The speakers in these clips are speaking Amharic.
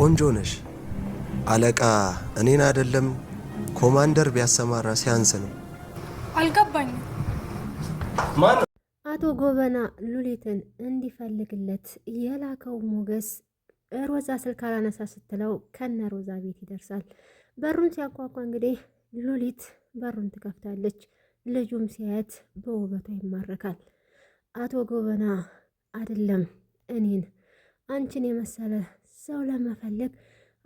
ቆንጆ ነሽ። አለቃ እኔን አይደለም ኮማንደር ቢያሰማራ ሲያንስ ነው። አልገባኝም። አቶ ጎበና ሉሊትን እንዲፈልግለት የላከው ሞገስ ሮዛ ስልክ አላነሳ ስትለው ከነ ሮዛ ቤት ይደርሳል። በሩን ሲያንኳኳ እንግዲህ ሉሊት በሩን ትከፍታለች። ልጁም ሲያየት በውበቷ ይማረካል። አቶ ጎበና አይደለም እኔን አንቺን የመሰለ ሰው ለመፈለግ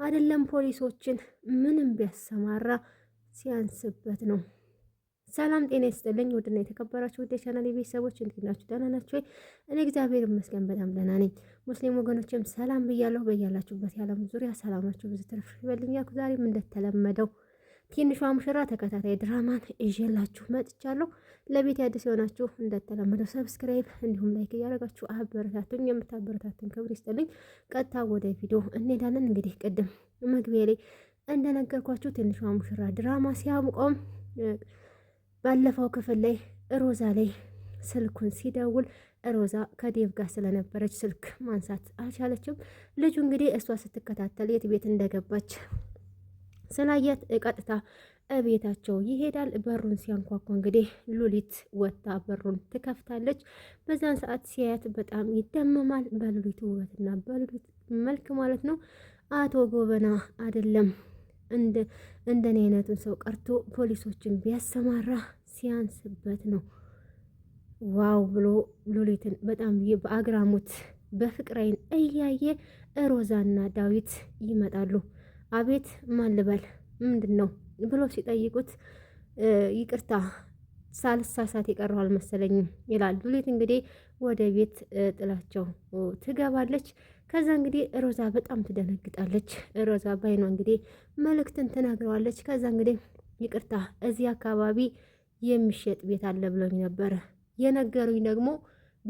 አይደለም ፖሊሶችን ምንም ቢያሰማራ ሲያንስበት ነው። ሰላም ጤና ይስጥልኝ። ውድና የተከበራችሁ ውድ የቻናል ቤተሰቦች እንዴት ናችሁ? ደህና ናችሁ? እኔ እግዚአብሔር ይመስገን በጣም ደህና ነኝ። ሙስሊም ወገኖችም ሰላም ብያለሁ። በያላችሁበት የዓለም ዙሪያ ሰላማችሁ ብዙ ትርፍ ይበልኛል። ዛሬም እንደተለመደው ትንሿ ሙሽራ ተከታታይ ድራማን ይዤላችሁ መጥቻለሁ። ለቤት አዲስ የሆናችሁ እንደተለመደው ሰብስክራይብ እንዲሁም ላይክ እያደረጋችሁ አበረታቱኝ። የምታበረታቱኝ ክብር ይስጥልኝ። ቀጥታ ወደ ቪዲዮ እንሄዳለን። እንግዲህ ቅድም መግቢያ ላይ እንደነገርኳችሁ ትንሿ ሙሽራ ድራማ ሲያብቆም ባለፈው ክፍል ላይ ሮዛ ላይ ስልኩን ሲደውል ሮዛ ከዴቭ ጋር ስለነበረች ስልክ ማንሳት አልቻለችም። ልጁ እንግዲህ እሷ ስትከታተል የት ቤት እንደገባች ስላያት ቀጥታ እቤታቸው ይሄዳል። በሩን ሲያንኳኳ እንግዲህ ሉሊት ወጥታ በሩን ትከፍታለች። በዛን ሰዓት ሲያያት በጣም ይደመማል። በሉሊት ውበትና በሉሊት መልክ ማለት ነው። አቶ ጎበና አይደለም እንደኔ አይነቱን ሰው ቀርቶ ፖሊሶችን ቢያሰማራ ሲያንስበት ነው። ዋው ብሎ ሉሊትን በጣም በአግራሞት በፍቅራይን እያየ ሮዛና ዳዊት ይመጣሉ። አቤት ማን ልበል ምንድን ነው ብሎ ሲጠይቁት ይቅርታ ሳልሳሳት የቀረው አልመሰለኝም ይላል። ሉሊት እንግዲህ ወደ ቤት ጥላቸው ትገባለች። ከዛ እንግዲህ ሮዛ በጣም ትደነግጣለች። ሮዛ ባይኗ እንግዲህ መልእክትን ትናግረዋለች። ከዛ እንግዲህ ይቅርታ እዚህ አካባቢ የሚሸጥ ቤት አለ ብሎኝ ነበረ የነገሩኝ ደግሞ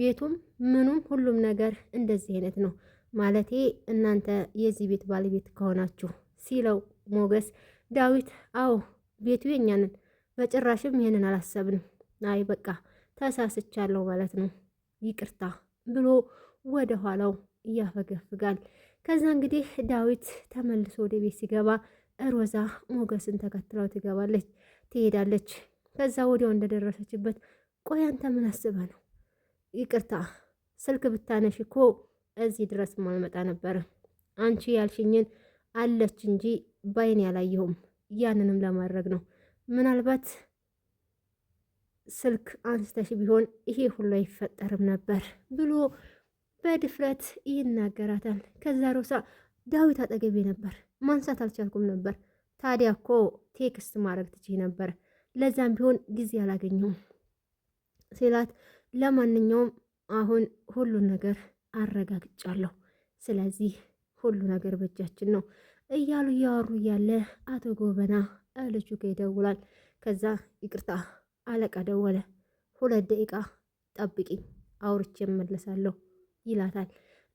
ቤቱም ምኑም ሁሉም ነገር እንደዚህ አይነት ነው ማለቴ እናንተ የዚህ ቤት ባለቤት ከሆናችሁ ሲለው ሞገስ ዳዊት አዎ ቤቱ የኛ ነን፣ በጭራሽም ይህንን አላሰብንም። አይ በቃ ተሳስቻለሁ ማለት ነው ይቅርታ ብሎ ወደ ኋላው እያፈገፍጋል። ከዛ እንግዲህ ዳዊት ተመልሶ ወደ ቤት ሲገባ ሮዛ ሞገስን ተከትለው ትገባለች፣ ትሄዳለች። ከዛ ወዲያው እንደደረሰችበት ቆይ አንተ ምን ነው? ይቅርታ ስልክ ብታነሽ እኮ እዚህ ድረስ ማልመጣ ነበር አንቺ ያልሽኝን አለች እንጂ ባይን ያላየሁም። ያንንም ለማድረግ ነው። ምናልባት ስልክ አንስተሽ ቢሆን ይሄ ሁሉ አይፈጠርም ነበር ብሎ በድፍረት ይናገራታል። ከዛ ሮሳ ዳዊት አጠገቤ ነበር፣ ማንሳት አልቻልኩም ነበር። ታዲያ እኮ ቴክስት ማድረግ ትችይ ነበር፣ ለዛም ቢሆን ጊዜ አላገኘሁም ሲላት፣ ለማንኛውም አሁን ሁሉን ነገር አረጋግጫለሁ ስለዚህ ሁሉ ነገር በእጃችን ነው እያሉ እያወሩ እያለ አቶ ጎበና ልጁ ጋ ይደውላል። ከዛ ይቅርታ አለቃ ደወለ፣ ሁለት ደቂቃ ጠብቂኝ አውርቼ እመለሳለሁ ይላታል።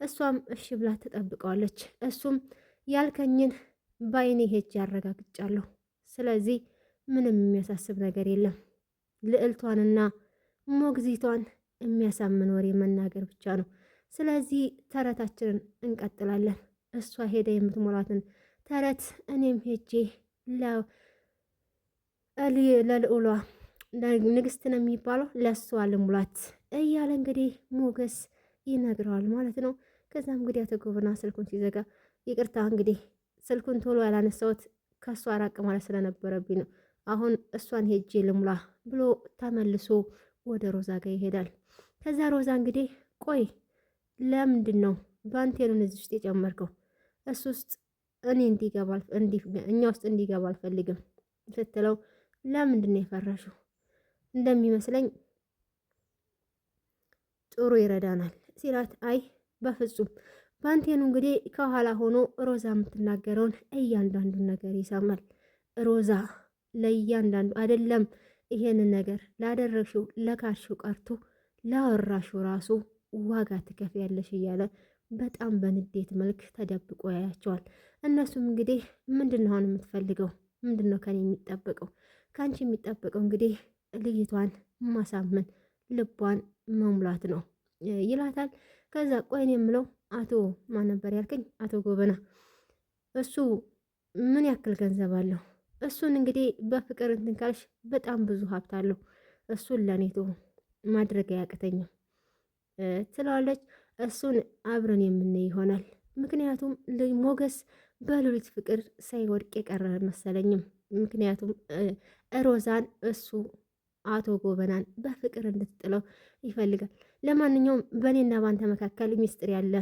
እሷም እሺ ብላ ትጠብቀዋለች። እሱም ያልከኝን በአይኔ ሄጅ ያረጋግጫለሁ፣ ስለዚህ ምንም የሚያሳስብ ነገር የለም ልዕልቷንና ሞግዚቷን የሚያሳምን ወሬ መናገር ብቻ ነው። ስለዚህ ተረታችንን እንቀጥላለን። እሷ ሄደ የምትሞላትን ተረት እኔም ሄጄ ለልዑሏ ንግስት ነው የሚባለው ለእሷ ልሙላት እያለ እንግዲህ ሞገስ ይነግረዋል ማለት ነው። ከዛም እንግዲህ አቶ ጎበና ስልኩን ሲዘጋ ይቅርታ እንግዲህ ስልኩን ቶሎ ያላነሳሁት ከእሷ ራቅ ማለት ስለነበረብኝ ነው። አሁን እሷን ሄጄ ልሙላ ብሎ ተመልሶ ወደ ሮዛ ጋር ይሄዳል። ከዛ ሮዛ እንግዲህ ቆይ ለምንድን ነው ባንቴኑን እዚህ ውስጥ የጨመርከው? እሱ ውስጥ እኔ እንዲገባ እኛ ውስጥ እንዲገባ አልፈልግም ስትለው ለምንድን ነው የፈረሽው? እንደሚመስለኝ ጥሩ ይረዳናል ሲላት፣ አይ በፍጹም ባንቴኑ እንግዲህ ከኋላ ሆኖ ሮዛ የምትናገረውን እያንዳንዱን ነገር ይሰማል። ሮዛ ለእያንዳንዱ አይደለም ይሄንን ነገር ላደረግሽው ለካርሽው ቀርቶ ላወራሽው ራሱ ዋጋ ትከፍያለሽ እያለ በጣም በንዴት መልክ ተደብቆ ያያቸዋል። እነሱም እንግዲህ ምንድን ነው አሁን የምትፈልገው? ምንድን ነው ከኔ የሚጠበቀው? ከአንቺ የሚጠበቀው እንግዲህ ልጅቷን ማሳመን፣ ልቧን መሙላት ነው ይላታል። ከዛ ቆይን የምለው አቶ ማን ነበር ያልከኝ? አቶ ጎበና እሱ ምን ያክል ገንዘብ አለው? እሱን እንግዲህ በፍቅር እንትን ካልሽ በጣም ብዙ ሀብት አለው። እሱን ለኔቶ ማድረግ አያቅተኝም ትለዋለች። እሱን አብረን የምናይ ይሆናል። ምክንያቱም ሞገስ በሉሊት ፍቅር ሳይወድቅ የቀረ መሰለኝም። ምክንያቱም ሮዛን እሱ አቶ ጎበናን በፍቅር እንድትጥለው ይፈልጋል። ለማንኛውም በእኔና ባንተ መካከል ሚስጥር ያለ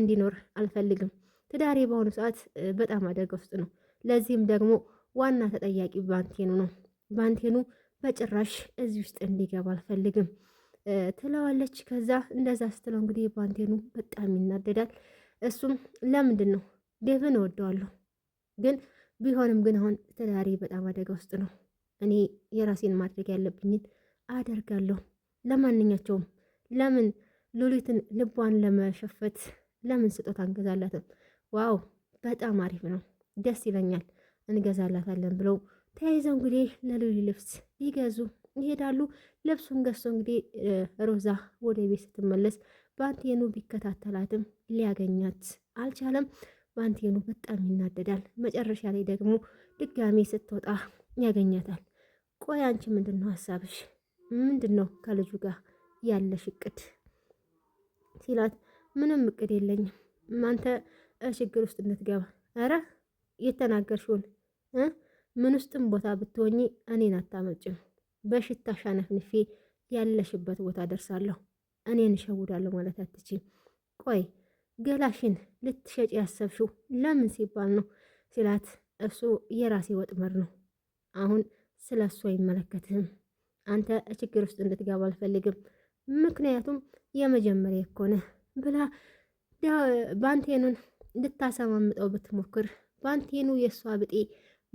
እንዲኖር አልፈልግም። ትዳሬ በአሁኑ ሰዓት በጣም አደጋ ውስጥ ነው። ለዚህም ደግሞ ዋና ተጠያቂ ባንቴኑ ነው። ባንቴኑ በጭራሽ እዚህ ውስጥ እንዲገባ አልፈልግም። ትለዋለች። ከዛ እንደዛ ስትለው እንግዲህ ባንቴኑ በጣም ይናደዳል። እሱም ለምንድን ነው ዴቭን እወደዋለሁ፣ ግን ቢሆንም ግን አሁን ትዳሬ በጣም አደጋ ውስጥ ነው። እኔ የራሴን ማድረግ ያለብኝን አደርጋለሁ። ለማንኛቸውም ለምን ሉሊትን ልቧን ለመሸፈት ለምን ስጦታ እንገዛላትም? ዋው በጣም አሪፍ ነው፣ ደስ ይለኛል፣ እንገዛላታለን ብለው ተያይዘው እንግዲህ ለሉሊ ልብስ ይገዙ ይሄዳሉ። ልብሱን ገዝቶ እንግዲህ ሮዛ ወደ ቤት ስትመለስ ባንቴኑ ቢከታተላትም ሊያገኛት አልቻለም። ባንቴኑ በጣም ይናደዳል። መጨረሻ ላይ ደግሞ ድጋሜ ስትወጣ ያገኛታል። ቆይ አንቺ ምንድን ነው ሀሳብሽ? ምንድን ነው ከልጁ ጋር ያለሽ እቅድ ሲላት፣ ምንም እቅድ የለኝም አንተ ችግር ውስጥ እንድትገባ ኧረ የተናገርሽውን ምን ውስጥም ቦታ ብትሆኚ እኔን አታመጭም። በሽታ ሻነፍንፌ ያለሽበት ቦታ ደርሳለሁ። እኔን እሸውዳለሁ ማለት አትችም። ቆይ ገላሽን ልትሸጭ ያሰብሽው ለምን ሲባል ነው ሲላት፣ እሱ የራሴ ወጥመር ነው። አሁን ስለ እሱ አይመለከትህም። አንተ ችግር ውስጥ እንድትገባ አልፈልግም። ምክንያቱም የመጀመሪያ ኮነ ብላ ባንቴኑን ልታሰማምጠው ብትሞክር ባንቴኑ የእሷ ብጤ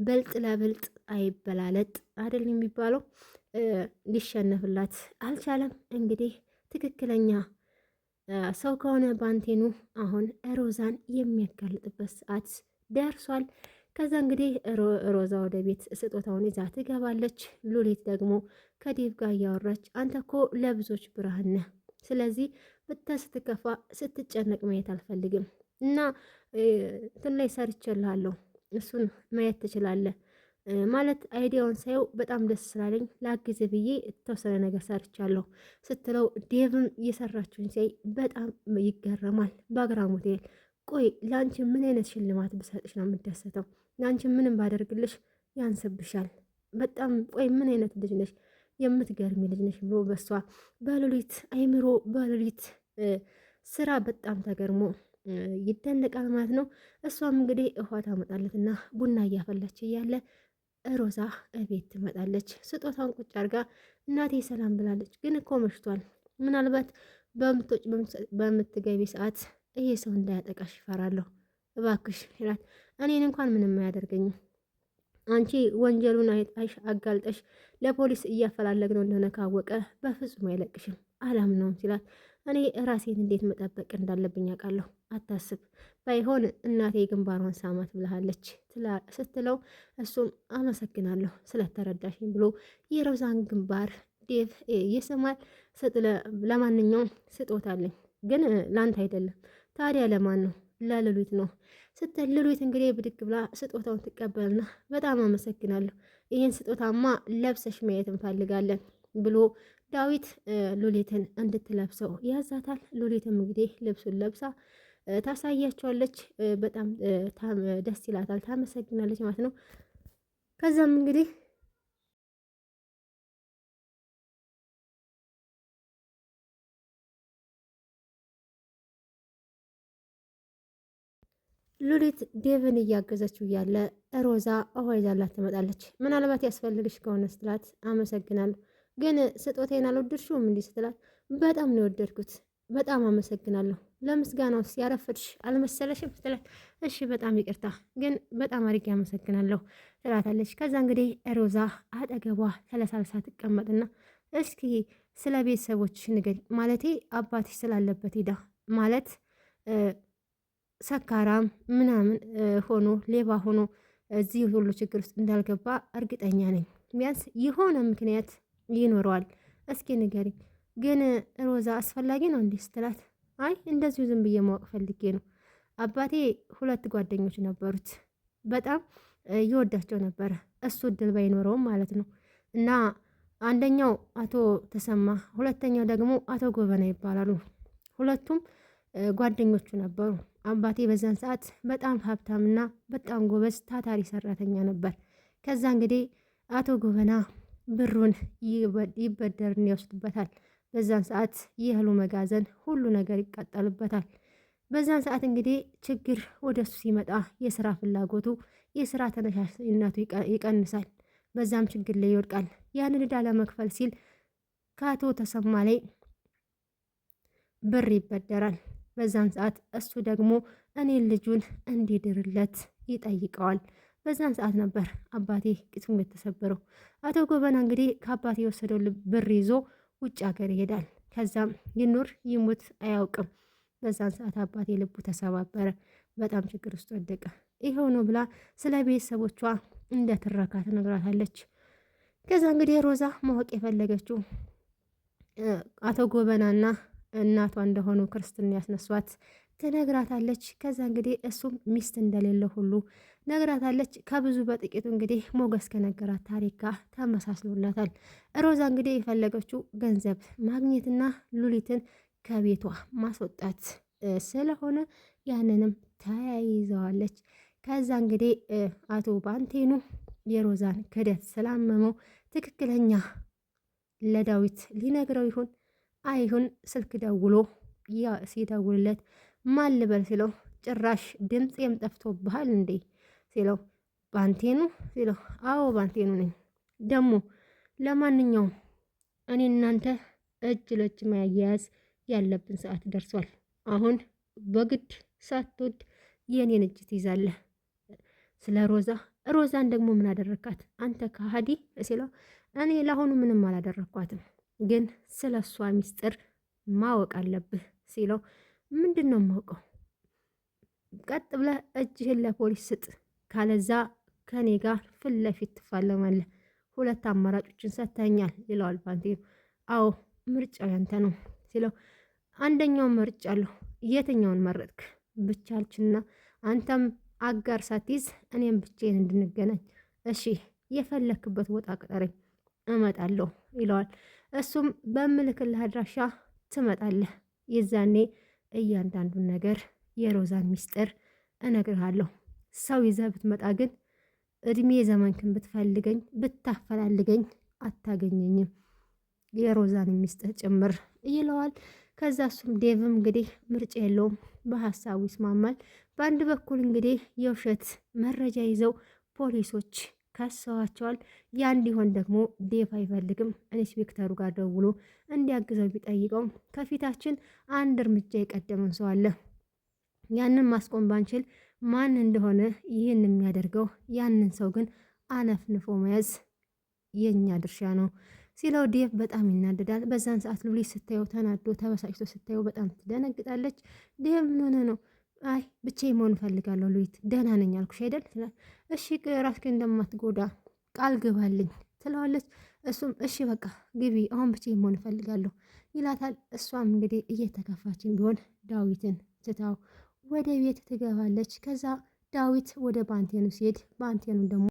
በልጥ ለብልጥ አይበላለጥ አይደል የሚባለው? ሊሸነፍላት አልቻለም። እንግዲህ ትክክለኛ ሰው ከሆነ ባንቴኑ አሁን ሮዛን የሚያጋልጥበት ሰዓት ደርሷል። ከዛ እንግዲህ ሮዛ ወደ ቤት ስጦታውን ይዛ ትገባለች። ሉሊት ደግሞ ከዴቭ ጋር እያወራች አንተ እኮ ለብዙዎች ብርሃን ነህ፣ ስለዚህ ብታ ስትከፋ ስትጨነቅ ማየት አልፈልግም እና እንትን ላይ ሰርቼልሃለሁ፣ እሱን ማየት ትችላለህ ማለት አይዲያውን ሳየው በጣም ደስ ስላለኝ ላግዝ ብዬ የተወሰነ ነገር ሰርቻለሁ ስትለው ዴቭም እየሰራችውን ሲያይ በጣም ይገረማል። በአግራሞት ቆይ ለአንቺ ምን አይነት ሽልማት ብሰጥሽ ነው የምደሰተው? ለአንቺ ምንም ባደርግልሽ ያንስብሻል። በጣም ቆይ ምን አይነት ልጅ ነሽ? የምትገርሚ ልጅ ነሽ ብሎ በሷ በሉሊት አይምሮ በሉሊት ስራ በጣም ተገርሞ ይደነቃል ማለት ነው። እሷም እንግዲህ እኋ ታመጣለትና ቡና እያፈላች እያለ ሮዛ እቤት ትመጣለች። ስጦታውን ቁጭ አድርጋ እናቴ ሰላም ብላለች፣ ግን እኮ መሽቷል። ምናልባት በምትወጪ በምትገቢ ሰዓት ይሄ ሰው እንዳያጠቃሽ ይፈራለሁ፣ እባክሽ ይላል። እኔን እንኳን ምንም አያደርገኝም። አንቺ ወንጀሉን አይጣሽ አጋልጠሽ ለፖሊስ እያፈላለግነው እንደሆነ ካወቀ በፍጹም አይለቅሽም፣ አላም ነው ሲላት እኔ ራሴን እንዴት መጠበቅ እንዳለብኝ አውቃለሁ። አታስብ፣ ባይሆን እናቴ ግንባሯን ሳማት ብልሃለች ስትለው እሱም አመሰግናለሁ ስለተረዳሽኝ ብሎ የሮዛን ግንባር ዴቭ ይስማል። ለማንኛውም ስጦታለኝ፣ ግን ላንተ አይደለም። ታዲያ ለማን ነው? ለልሉት ነው ስትል ልሉት እንግዲህ ብድግ ብላ ስጦታውን ትቀበልና በጣም አመሰግናለሁ፣ ይህን ስጦታማ ለብሰሽ ማየት እንፈልጋለን ብሎ ዳዊት ሉሊትን እንድትለብሰው ያዛታል። ሉሊትም እንግዲህ ልብሱን ለብሳ ታሳያቸዋለች። በጣም ደስ ይላታል፣ ታመሰግናለች ማለት ነው። ከዛም እንግዲህ ሉሊት ዴቭን እያገዘችው እያለ ሮዛ ውሃ ይዛላት ትመጣለች። ምናልባት ያስፈልግሽ ከሆነ ስትላት አመሰግናለሁ ግን ስጦቴን አልወደድሽውም እንዲህ ስትላት በጣም ነው የወደድኩት፣ በጣም አመሰግናለሁ። ለምስጋና ውስጥ ያረፈድሽ አልመሰለሽም ስትላት እሺ በጣም ይቅርታ፣ ግን በጣም አድርጌ አመሰግናለሁ ትላታለች። ከዛ እንግዲህ ሮዛ አጠገቧ ተለሳልሳ ትቀመጥና እስኪ ስለ ቤተሰቦችሽ ንገሪኝ፣ ማለቴ አባትሽ ስላለበት ሄዳ ማለት ሰካራም ምናምን ሆኖ ሌባ ሆኖ እዚህ ሁሉ ችግር ውስጥ እንዳልገባ እርግጠኛ ነኝ። ቢያንስ የሆነ ምክንያት ይኖረዋል። እስኪ ንገሪ ግን ሮዛ አስፈላጊ ነው እንዲህ ስትላት፣ አይ እንደዚሁ ዝም ብዬ ማወቅ ፈልጌ ነው። አባቴ ሁለት ጓደኞች ነበሩት፣ በጣም ይወዳቸው ነበረ። እሱ እድል ባይኖረውም ማለት ነው እና አንደኛው አቶ ተሰማ፣ ሁለተኛው ደግሞ አቶ ጎበና ይባላሉ። ሁለቱም ጓደኞቹ ነበሩ። አባቴ በዛን ሰዓት በጣም ሀብታምና በጣም ጎበዝ ታታሪ ሰራተኛ ነበር። ከዛ እንግዲህ አቶ ጎበና ብሩን ይበደርን ይወስድበታል። በዛን ሰዓት የእህሉ መጋዘን ሁሉ ነገር ይቃጠልበታል። በዛን ሰዓት እንግዲህ ችግር ወደ እሱ ሲመጣ የስራ ፍላጎቱ የስራ ተነሳሽነቱ ይቀንሳል። በዛም ችግር ላይ ይወድቃል። ያንን ዕዳ ለመክፈል ሲል ከአቶ ተሰማ ላይ ብር ይበደራል። በዛን ሰዓት እሱ ደግሞ እኔን ልጁን እንዲድርለት ይጠይቀዋል። በዛን ሰዓት ነበር አባቴ ቅስሙ የተሰበረው። አቶ ጎበና እንግዲህ ከአባቴ የወሰደው ብር ይዞ ውጭ ሀገር ይሄዳል። ከዛም ይኑር ይሙት አያውቅም። በዛን ሰዓት አባቴ ልቡ ተሰባበረ፣ በጣም ችግር ውስጥ ወደቀ። ይኸው ነው ብላ ስለ ቤተሰቦቿ እንደ ትረካ ትነግራታለች። ከዛ እንግዲህ ሮዛ ማወቅ የፈለገችው አቶ ጎበናና እናቷ እንደሆኑ ክርስትና ያስነሷት ትነግራታለች። ከዛ እንግዲህ እሱም ሚስት እንደሌለ ሁሉ ነግራታለች። ከብዙ በጥቂቱ እንግዲህ ሞገስ ከነገራት ታሪክ ጋር ተመሳስሎላታል። ሮዛ እንግዲህ የፈለገችው ገንዘብ ማግኘትና ሉሊትን ከቤቷ ማስወጣት ስለሆነ ያንንም ተያይዘዋለች። ከዛ እንግዲህ አቶ ባንቴኑ የሮዛን ክደት ስላመመው ትክክለኛ ለዳዊት ሊነግረው ይሁን አይሁን ስልክ ደውሎ ያ ሲደውልለት ማን ልበል ሲለው ጭራሽ ድምፄም ጠፍቶብሃል እንዴ ሲለው ባንቴኑ ሲለው አዎ ባንቴኑ ነኝ። ደግሞ ለማንኛውም እኔ እናንተ እጅ ለእጅ መያያዝ ያለብን ሰዓት ደርሷል። አሁን በግድ ሳትወድ የእኔን እጅ ትይዛለህ። ስለ ሮዛ ሮዛን ደግሞ ምን አደረግካት አንተ ከሃዲ ሲለው እኔ ለአሁኑ ምንም አላደረግኳትም፣ ግን ስለ እሷ ሚስጥር ማወቅ አለብህ ሲለው ምንድን ነው የማውቀው? ቀጥ ብለህ እጅህን ለፖሊስ ስጥ፣ ካለዛ ከኔ ጋር ፊት ለፊት ትፋለማለህ። ሁለት አማራጮችን ሰጥተኛል ይለዋል ፋንታው። አዎ ምርጫው ያንተ ነው ሲለው አንደኛውን መርጫለሁ። የትኛውን መረጥክ? ብቻልችና አንተም አጋር ሳትይዝ እኔም ብቻዬን እንድንገናኝ እሺ፣ የፈለክበት ቦታ ቅጠረኝ እመጣለሁ ይለዋል። እሱም በምልክልህ አድራሻ ትመጣለህ የዛኔ እያንዳንዱን ነገር የሮዛን ሚስጥር እነግርሃለሁ። ሰው ይዘህ ብትመጣ ግን እድሜ ዘመንክን ብትፈልገኝ ብታፈላልገኝ አታገኘኝም፣ የሮዛን ሚስጥር ጭምር ይለዋል። ከዛ እሱም ዴቭም እንግዲህ ምርጫ የለውም፣ በሀሳቡ ይስማማል። በአንድ በኩል እንግዲህ የውሸት መረጃ ይዘው ፖሊሶች ከሰዋቸዋል። ያ እንዲሆን ደግሞ ዴፍ አይፈልግም። ኢንስፔክተሩ ጋር ደውሎ እንዲያግዘው ቢጠይቀውም ከፊታችን አንድ እርምጃ የቀደመን ሰው አለ። ያንን ማስቆም ባንችል ማን እንደሆነ ይህን የሚያደርገው ያንን ሰው ግን አነፍንፎ መያዝ የእኛ ድርሻ ነው ሲለው ዴቭ በጣም ይናደዳል። በዛን ሰዓት ሉሊት ስታየው ተናዶ ተበሳጭቶ ስታየው በጣም ትደነግጣለች። ዴቭ ምን ሆነ ነው አይ ብቻዬን መሆን እፈልጋለሁ ሉሊት ደህና ነኝ አልኩሽ አይደል? እሺ ራስሽን እንደማትጎዳ ቃል ግባልኝ ትለዋለች። እሱም እሺ በቃ ግቢ፣ አሁን ብቻዬን መሆን እፈልጋለሁ ይላታል። እሷም እንግዲህ እየተከፋችን ቢሆን ዳዊትን ትታው ወደ ቤት ትገባለች። ከዛ ዳዊት ወደ ባንቴኑ ሲሄድ ባንቴኑን ደግሞ